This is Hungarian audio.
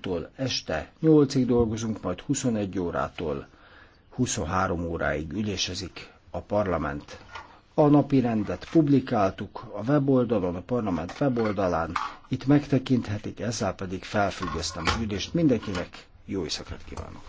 tól este 8-ig dolgozunk, majd 21 órától 23 óráig ülésezik a parlament. A napi rendet publikáltuk a weboldalon, a parlament weboldalán, itt megtekinthetik, ezzel pedig felfüggesztem az ülést. Mindenkinek jó éjszakát kívánok!